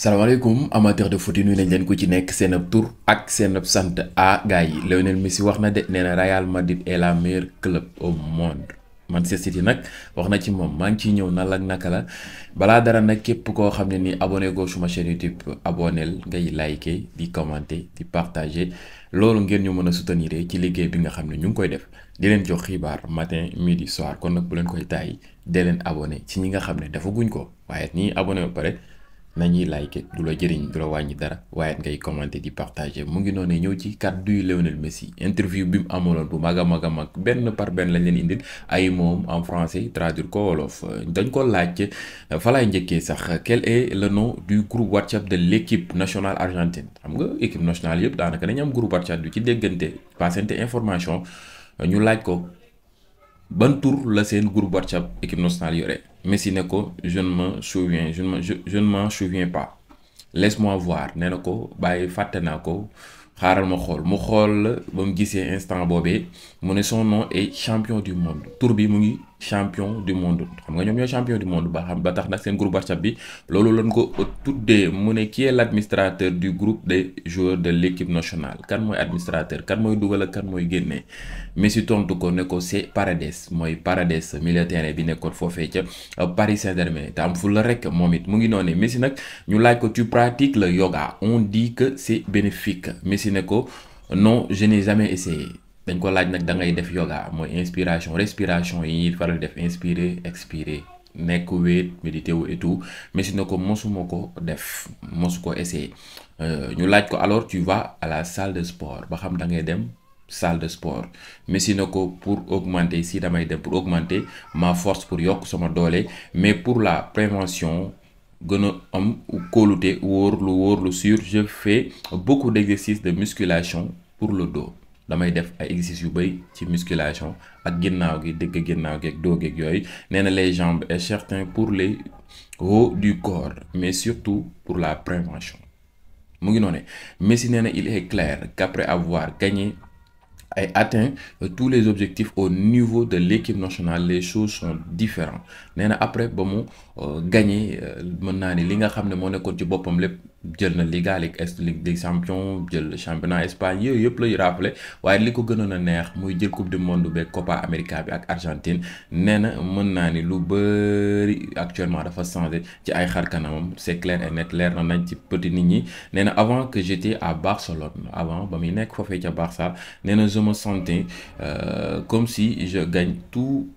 salaamaaleykum amateur de foot yi nuyu nañ leen ko ci nekk seen ab tur ak seen ab sant a gars yi Lionel Messi wax na de nee na Real Madrid est la meilleure club au monde Manchester City nag wax na ci moom maa ngi ciy ñëw nan la naka la balaa dara nag képp koo xam ne ni abonné goo suma chaîne YouTube aboneel ngay liker di commenter di partager loolu ngeen ñu mën a soutenir ci liggéey bi nga xam ne ñu ngi koy def di leen jox xibaar matin midi soir kon nag bu leen koy tàyyi dee leen abonné ci ñi nga xam ne dafa ko waaye ñi abonné ba pare. nañuy like du la jëriñ du la wàññi dara waaye ngay commenter di partage mu ngi noonu ñëw ci kàddu yu Lionel Messi interview bi mu amaloon bu mag a mag a mag benn par benn lañ leen indi ay moom en français traduire ko dañ ko laaj fa laay njëkkee sax quel est le nom du groupe WhatsApp de léquipe équipe nationale argentine xam nga équipe nationale yëpp daanaka dañu am groupe WhatsApp du ci déggante passante information ñu laaj ko ban tur la seen groupe WhatsApp équipe nationale yore. Messi ne ko je ne me souviens je ne me je, je pas laisse-moi voir nee na ko bàyyi fàtte naa ko xaaral ma xool mu xool la ba mu gisee instant boobee mu ne son nom est champion du monde tur bi mu ngi champion du monde xam nga ñoom ñoo champion du monde ba xam ba tax nag seen groupe WhatsApp bi loolu lan ko tuddee mu ne kii est l'administrateur du groupe des joueurs de l'équipe nationale kan mooy administrateur kan mooy dugal ak kan mooy génnee Messi tontu ko ne ko c'est Paredes mooy Paredes milieu terrain bi nekkoon foofee ca euh, Paris Saint-Germain te am fu la rek moom it mu ngi noonu Messi nag ñu laaj ko tu pratique la yoga on dit que c'est bénéfique Messi ne ko non je n'ai jamais dañ ko laaj nag da ngay def yoga mooy inspiration respiration yi ñuy faral def inspirer expirer nekk wéet méditer wu et tout na ko mosuma ko def mosu ko essayer euh, ñu laaj ko alors tu vas à la salle de sport ba xam da ngay dem salle de sport mais na ko pour augmenter si damay dem pour augmenter ma force pour yokk sama doole mais pour la prévention gën a am kóolute wóor lu wóor lu sûr je fais beaucoup d'exercices de musculation pour le dos damay def ay exercices yu bëri ci musculation ak ginnaaw gi dëgg ginnaaw gi ak doogeeg yooyu nee na les jambes est certain pour les hauts du corps mais surtout pour la prévention mu ngi noonu Messi nee na il est clair qu'après avoir gagné ay atteint tous les objectifs au niveau de l'équipe nationale les choses sont différentes nee na après ba mu euh, gagné euh, mën naa ni li nga xam ne moo nekkoon ci boppam lépp. jël na Liga Ligue Est Ligue des jël championnat Espagne yooyu yëpp lay rappelé waaye li ko gënoon a neex muy jël coupe du monde beeg Copa América bi ak Argentine nee na mën naa ni lu bëri actuellement dafa changé ci ay xar kanamam c'est clair et net leer na nañ ci petit nit ñi nee na avant que j'étais à Barcelone avant ba muy nekk foofee ca Barça nee na je me sentais euh, comme si je gagne tout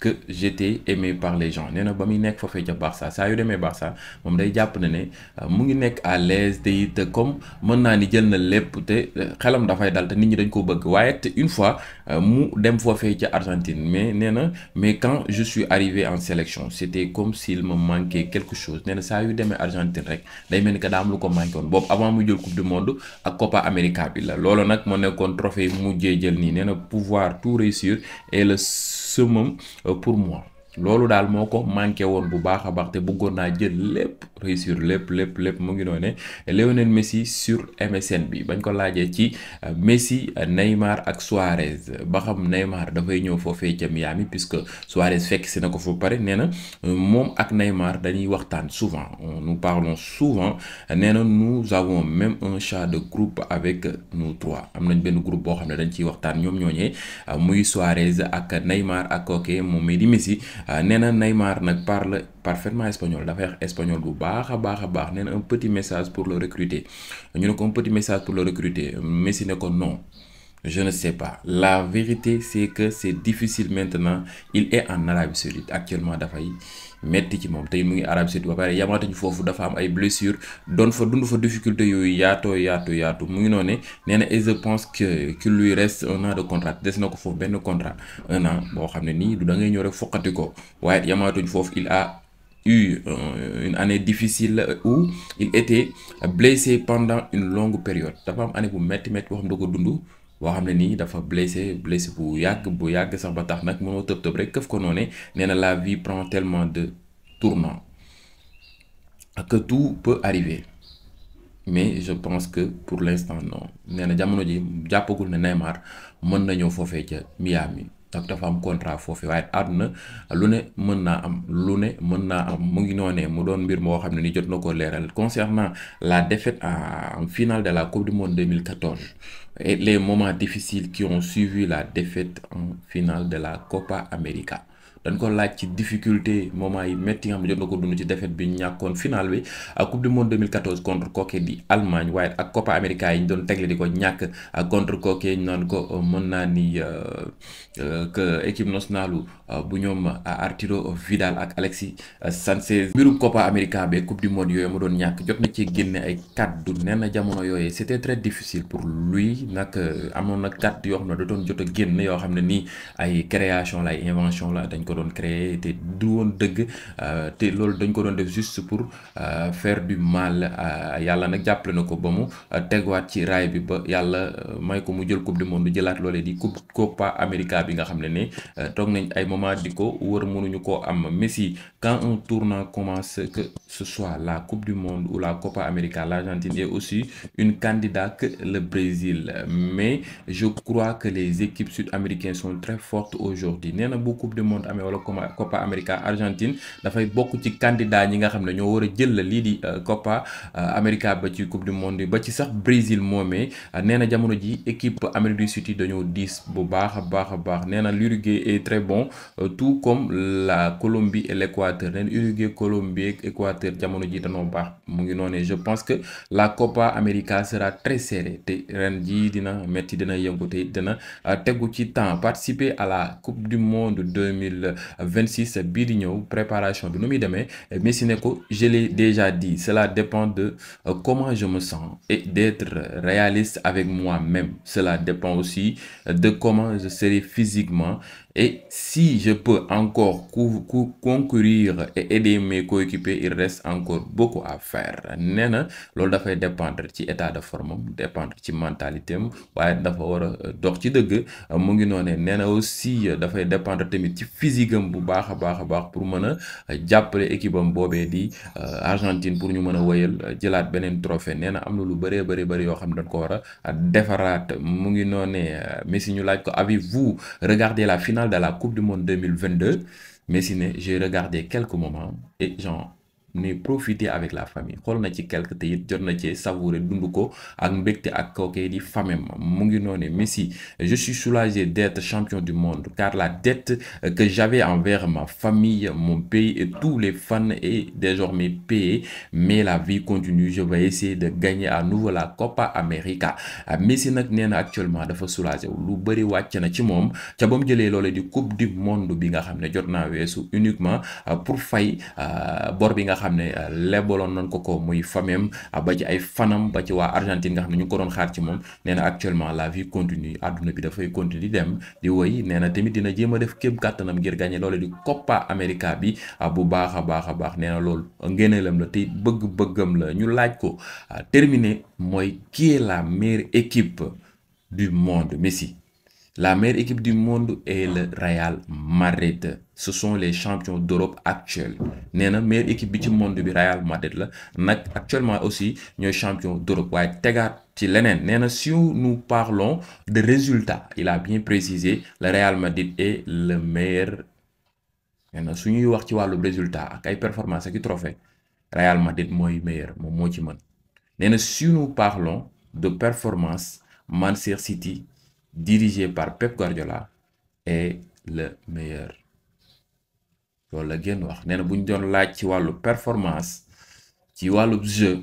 que j'étais aimé par les gens na ba muy nekk foofee ca Barça saa yu demee Barça moom day jàpp na ne euh, mu ngi nekk à l'aise te it comme mën naa ni jël na lépp te euh, xelam dafay dal te nit ñi dañ ko bëgg waaye te une fois euh, mu dem foofee ca Argentine mais nee na mais quand je suis arrivé en sélection c'était comme s'il me manquait quelque chose nee na saa yu demee Argentine rek day mel ni que daa am lu ko manqué woon boobu avant mu jël coupe du monde ak Copa América bi la loolu nag moo nekkoon trophée mu mujjee jël nii nee na pouvoir tout réussir et le summum pour moi loolu daal moo ko manqué woon bu baax a baax te bëggoon naa jël lépp réussir lépp lépp lépp mu ngi noone Lionel Messi sur MSN bi bañ ko laajee ci euh, Messi euh, Neymar ak Suarez ba xam Neymar dafay ñëw foofee ca Miami puisque Suarez fekk si na ko fa pare nee na euh, moom ak Neymar dañuy waxtaan souvent nous parlons souvent nee na nous avons même un chat de groupe avec nous trois am nañ benn groupe boo xam ne dañ ciy waxtaan ñoom ñooñee muy Suarez ak Neymar ak kooke moom mi di Messi. Euh, nee na Neymar nag parle parfaitement espagnol dafay wax bu baax a baax a baax nee na un petit message pour le recruter ñu ne ko un petit message pour le recruter Messi ne ko non je ne sais pas la vérité c'est que c'est difficile maintenant il est en Arabie Saoudite actuellement dafay. metti ci moom tey mu ngi Arabie Saoudite ba pare yamaatuñu foofu dafa am ay blessure doon fa dund fa difficulté yooyu yaatoo yaatu yaatu mu ngi noonu nee na et je pense que qu'il lui reste un an contrat des na ko foofu benn contrat un an boo xam ne nii du da ngay ñëw rek foqati ko waaye yamaatuñu foofu il a eu euh, une année difficile où il était blessé pendant une longue période dafa am année bu metti metti boo xam da ko dundu boo xam ne nii dafa blessé blessé bu yàgg bu yàgg sax ba tax nag mënoo tëb tëb rek këf ko noone nee na la vie prend tellement de tournants que tout peut arriver mais je pense que pour l'instant non nee na jamono ji jàppagul ne Neymar mën na ñëw foofee ca Miami. ndax dafa am contrat foofu waaye na lu ne mën naa am lu ne mën naa am mu ngi noonee mu doon mbir moo xam ne ni jot na ko leeral concernant la défaite en final de la coupe du monde 2014 et les moment difficiles qui ont suivi la défaite en finale de la Copa América dañ ko laaj ci difficulté moom yi métti nga xam ne jot na ko dund ci défaite bi ñàkkoon final bi ak coupe du monde 2014 contre kooke di Allemagne waaye ak Copa America yi ñu doon tegle di ko ñàkk ak contre kooke ñu naan ko euh, mën naa ni euh, euh, que équipe nationale bu ñoom Arturo Vidal ak Alexis Sanchez mbirum Copa America be coupe du monde yooyu ma doon ñàkk jot na ci génne ay kàddu nee na jamono yooyu c'était très difficile pour lui nag amoon na kàddu yoo xam ne da doon jot a génn yoo xam ne nii ay création la ay invention la dañ ko doon créer te du woon dëgg euh, te loolu dañ ko doon def juste pour euh, faire du mal euh, yàlla nag jàppale na ko ba mu waat ci raay bi ba yàlla may ko mu jël coupe du monde jëlaat loolee di coupe Copa América bi nga xam ne ne toog nañ ay moment di ko wër mënuñu ko am Messi quand un tournant commence que ce soit la coupe du monde ou la Copa América l'Argentine est aussi une candidate que le Brésil mais je crois que les équipes sud-américaines sont très amee wala Copa América Argentine dafay bokk ci candidat ñi nga xam ne ñoo war a jël la lii di euh, Copa euh, América ba ci coupe du monde ba ci sax Brésil moomee euh, nee na jamono ji équipe Amérique du Sud dañoo diis bu baax a baax a baax nee na l'Uruguay est très bon tout comme la Colombie et l'Équateur nee na Uruguay Colombie ak Équateur jamono ji dañoo baax mu ngi noonee je pense que la Copa América sera très serrée te ren jii dina metti dina yëngu te dina tegu ci temps participer à la coupe 26 bii di ñëw préparation bi nu muy demee Messi ne ko je l'ai déjà dit cela dépend de euh, comment je me sens et d'être réaliste avec moi-même cela dépend aussi euh, de comment je serai physiquement Et si je ku encore concourir et aider mes coéquipiers, il reste encore beaucoup à faire nee na loolu dafay dependre ci état de forme am ci mentalité am waaye dafa war a euh, dox ci dëgg mu ngi noonee nee na aussi euh, dafay dependre tamit ci physique bu baax a baax a baax pour mën a euh, jàppale équipe am boobee di Argentine pour ñu mën a wëyal jëlaat beneen trophée nee na am na lu bëree bëri bëri yoo xam ne dañ ko war a defaraat mu ngi noonee Messi ñu laaj ko avez-vous regardé de la Coupe du Monde 2022. Mais sinon, j'ai regardé quelques moments et j'en mais profiter avec la famille xool na ci quelque te it jot na ci savourer dund ko ak mbégte ak kookee di famem mu ngi noone Messi je suis soulagé d'être champion du monde car la dette euh, que j'avais envers ma famille mon pays et tous les fans est désormais payée mais la vie continue je vais essayer de gagner à nouveau la Copa América euh, Messi nag nee na actuellement dafa soulagé lu bëri wàcc na ci moom ca ba mu jëlee loolee di coupe du monde bi nga xam ne jot naa weesu uniquement euh, pour fay bor bi nga xam ne euh, lebaloon nañ ko ko muy famem euh, ba ci ay fanam ba ci waa Argentine nga xam ne ñu ngi ko doon xaar ci moom nee actuellement la vie continue àdduna bi dafay continue di dem di woy nee na tamit dina jéem a def kéem kàttanam ngir gagné loolu di Copa America bi euh, bu baax a baax a baax nee na loolu ngéneelam la te bëgg-bëggam la ñu laaj ko terminé mooy kii la meilleure équipe du monde Messi la meilleure équipe du monde est le Real Madrid ce son les champions d'Europe actuels nee na meilleure équipe bi ci monde bi Real Madrid la nag actuellement aussi ñooy champion d'Europe waaye tegaat ci leneen nee na si nous parlons de résultat il a bien précisé le Real Madrid est le meilleur na su ñuy wax ci wàllu résultat ak ay performance ak i trophée Real Madrid mooy maire moom moo ci mën nee na si nous parlons de performance Manchester City dirigé par Pep Guardiola est le meilleur loolu la génn wax nee na bu ñu doon laaj ci wàllu performance ci wàllu jeu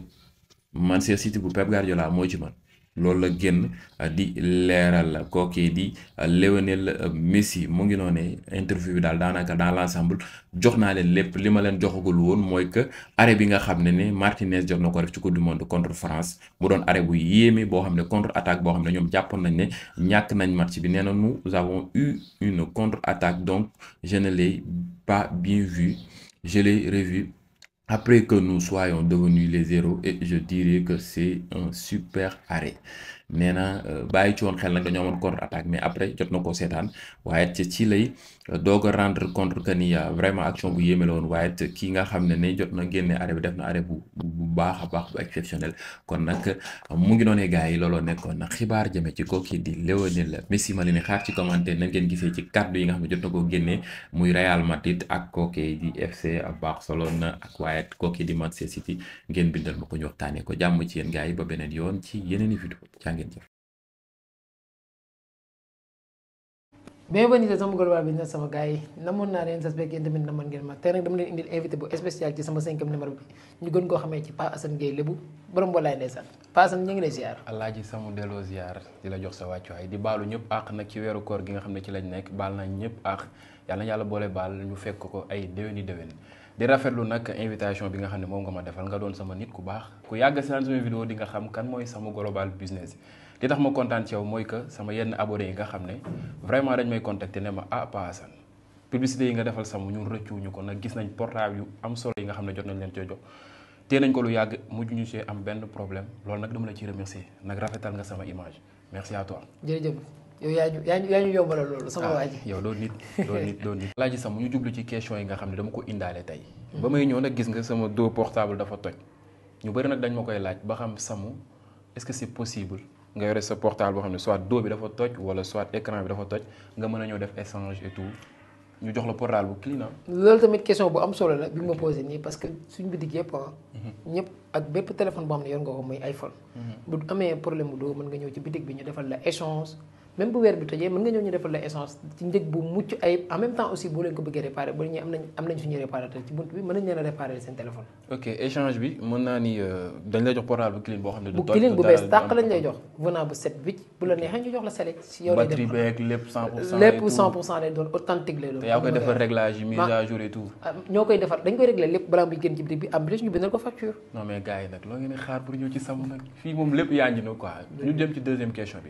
Manchester City bu Pep laa moo ci man loolu la génn di leeral la kookee di Lionel Messi mu ngi noonee interview bi daal daanaka dans l'ensemble jox naa leen lépp li ma leen joxagul woon mooy que arrêt bi nga xam ne ne Martinez jot na ko def ci coupe du monde contre France mu doon arrêt bu yéeme boo xam ne contre attaque boo xam ne ñoom jàppoon nañ ne ñàkk nañ match bi nee na nous avons eu une contre attaque donc je ne l'ai pas bien vu je après que nu soyons devenus les héros et je dirais que c'est un super arrêt nee na euh, bàyyi ci woon xel nag dañoo amoon contre attaque mais après jot na ko seetaan waaye it ci lay euh, doog a rendre compte que ni vraiment action bu yéeme la woon waaye it kii nga xam ne ne jot na génne arrêt bi def na arrêt bu baax a baax bu exceptionnel kon nag mu ngi doonee gars yi looloo nekkoon xibaar jëmee ci kooku di Lionel Messi ma leen xaar ci commentaire na ngeen gisee ci kàddu yi nga xam ne jot na ko génnee muy Real Madrid ak kooku di FC na ak waaye kooku di Manchester City ngeen bindal ma ko ñu ko jàmm ci yéen gars yi ba beneen yoon ci yeneen i vidéo jaa ngeen jëf bienvenue sama global business sama gars yi namoon naa leen sas beeg yéen tamit namoon ngeen ma tey nag dama leen indil invité bu spécial ci sama cinquième numéro bi ñu gën koo xamee ci Pa Assane Gueye lébu borom walaay ndeysaan Pa Assane ñu ngi lay ziar alaaji samu delloo ziar di la jox sa wàccuwaay di baalu ñëpp àq nag ci weeru koor gi nga xam ne ci lañ nekk baal nañ ñëpp àq yàlla na yàlla boole baal ñu fekk ko ay déwéni déwén di rafetlu nag invitation bi nga xam ne moom nga ma defal nga doon sama nit ku baax ku yàgg si naan sama vidéo di nga xam kan mooy sama global business li tax ma kontaan ci yow mooy que sama yenn abonné yi nga xam ne vraiment dañ may contacter ne ma ah Pa Assane yi nga defal sama ñun rëccuwuñu ko nag gis nañ portable yu am solo yi nga xam ne jot nañ leen coo jox tee nañ ko lu yàgg mujj ñu see am benn problème loolu nag dama la ci remercier nag rafetal nga sama image merci yow yaa ñu yaa ñu yombalal loolu sama ah, waa ji yow doo nit doo nit doo nit sax mu ñu jublu ci question yi nga xam ne dama ko indaale tey hmm. ba may ñëw nag gis nga sama dos portable dafa toj ñu bari nag dañ ma koy laaj ba xam samu est-ce que c'est possible nga yore sa portable boo xam ne soit doo bi dafa toj wala soit écran bi dafa toj nga mën a ñëw def échange et ñu jox la portable bu client ah. loolu tamit question bu am solo la bi ma posé nii parce que suñu bitig yëpp ah. Hmm. ñëpp ak bépp téléphone boo xam ne yor nga ko muy iPhone. Hmm. bu amee problème bu doo mën nga bi ñu defal la même bu weer bi tojee mën nga ñëw ñu defal la essence ci njëg bu mucc ayib en même temps aussi boo leen ko bëggee réparé ba ñu am nañ suñu réparateur ci bunt bi mën nañ euh, la doon authentique lay doon yaa koy defar réglage yi mise à jour et tout ah, ñoo koy defar dañ koy réglé lépp balaa muy génn ci biir bi am bi ñu bindal ko nag loo ngeen fii moom lépp yaa ngi na quoi ñu dem ci deuxième question bi